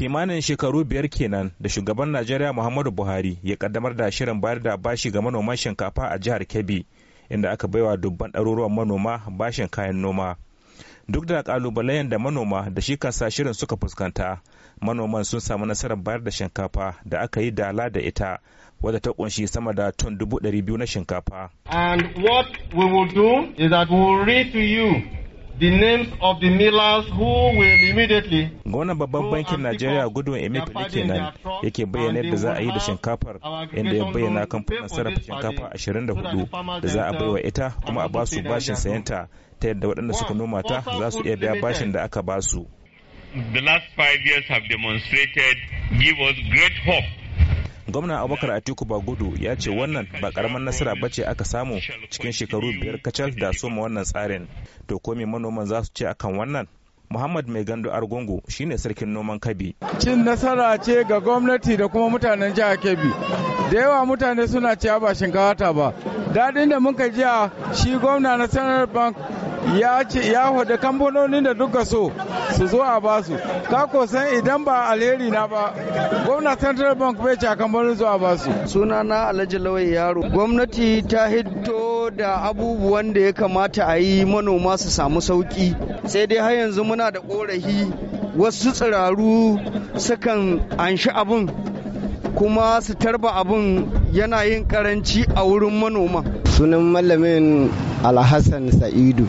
kimanin shekaru biyar kenan da shugaban najeriya muhammadu buhari ya kaddamar da shirin bayar da bashi ga manoman shinkafa a jihar kebbi inda aka baiwa dubban ɗaruruwan manoma bashin kayan noma duk da kalubalen da manoma da shi kansa shirin suka fuskanta manoman sun samu nasarar bayar da shinkafa da aka yi dala da ita wadda ta kunshi sama da tun dubu ɗari biyu na shinkafa and what we will do is that we will read to you the names of the millers who will immediately Gwamnan babban bankin Najeriya gudun Emefiele kenan yake bayyana yadda za a yi da shinkafar inda ya bayyana kamfanin sarrafa shinkafa 24 da za a baiwa ita kuma a ba su bashin sayanta ta yadda waɗanda suka noma ta za su iya biya bashin da aka ba su. The last five years have demonstrated give us great hope gwamnan abubakar atiku bagudu ya ce wannan ba karamar nasara ba ce aka samu cikin shekaru biyar kacal da soma wannan tsarin to ko manoman za su ce akan wannan muhammad mai gando argungu shine sarkin noman kabi cin nasara ce ga gwamnati da kuma mutanen jihar kebbi da yawa mutane suna cewa ba shinkawa ta ba daɗin da muka jiya shi gwamna na sanar bank ya ce ya hudu kamfanonin da duka so su zo a basu ka san idan ba alheri na ba gwamna central bank bai ci a kamfanonin zuwa basu suna na alhaji lawai yaro gwamnati ta hito da abubuwan da ya kamata a yi manoma su samu sauki sai dai har yanzu muna da korafi wasu tsiraru sukan anshi abin kuma su tarba abin yana yin karanci a wurin manoma sunan Mallamin. alhassan sa'idu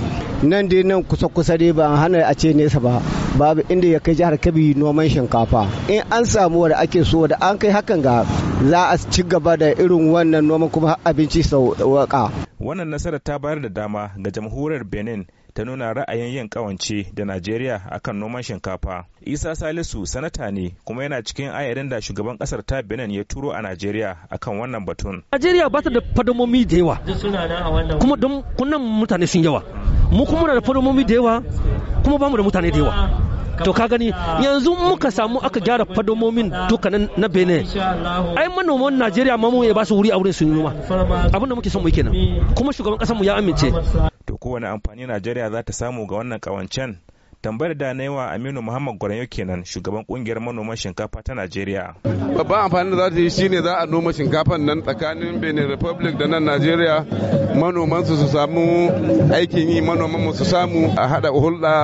nan dai nan kusa-kusa dai ba hana a ce nesa ba babu inda ya kai jihar kebbi noman shinkafa in an samu wanda ake so da an kai hakan ga za a ci gaba da irin wannan noman kuma abinci sau waka wannan nasarar ta bayar da dama ga jamhuriyar benin ta nuna ra'ayin yin kawance da najeriya akan noman shinkafa isa salisu sanata ne kuma yana cikin ayarin da shugaban kasar ta benin ya turo a najeriya akan wannan batun najeriya ba ta da fadamomi da yawa kuma don kunan mutane sun yawa mu kuma da fadamomi da yawa kuma ba mu da mutane da yawa to ka gani yanzu muka samu aka gyara fadomomin duka na benin ai manoman najeriya ma mu ya ba su wuri a wurin su noma abin da muke son mu yi kenan kuma shugaban kasar mu ya amince to kowane amfani najeriya za ta samu ga wannan kawancen tambayar da na yawa aminu muhammad gwaranyo kenan shugaban kungiyar manoman shinkafa ta najeriya babban amfani da za ta yi ne za a noma shinkafa nan tsakanin benin republic da nan najeriya manoman su su samu aikin yi manoman su samu a hada hulɗa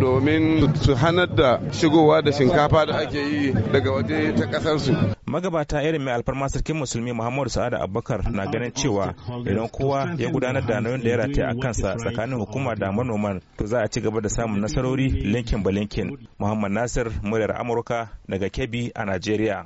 domin su hanar da shigowa da shinkafa da ake yi daga waje ta kasarsu. magabata irin mai alfarma sarkin musulmi muhammadu sa'ad abubakar na ganin cewa idan kowa ya gudanar da nauyin da ya rataya a kansa tsakanin hukuma da manoman to za a ci gaba da samun nasarori linkin ba linkin muhammad nasir muryar amurka daga kebbi a najeriya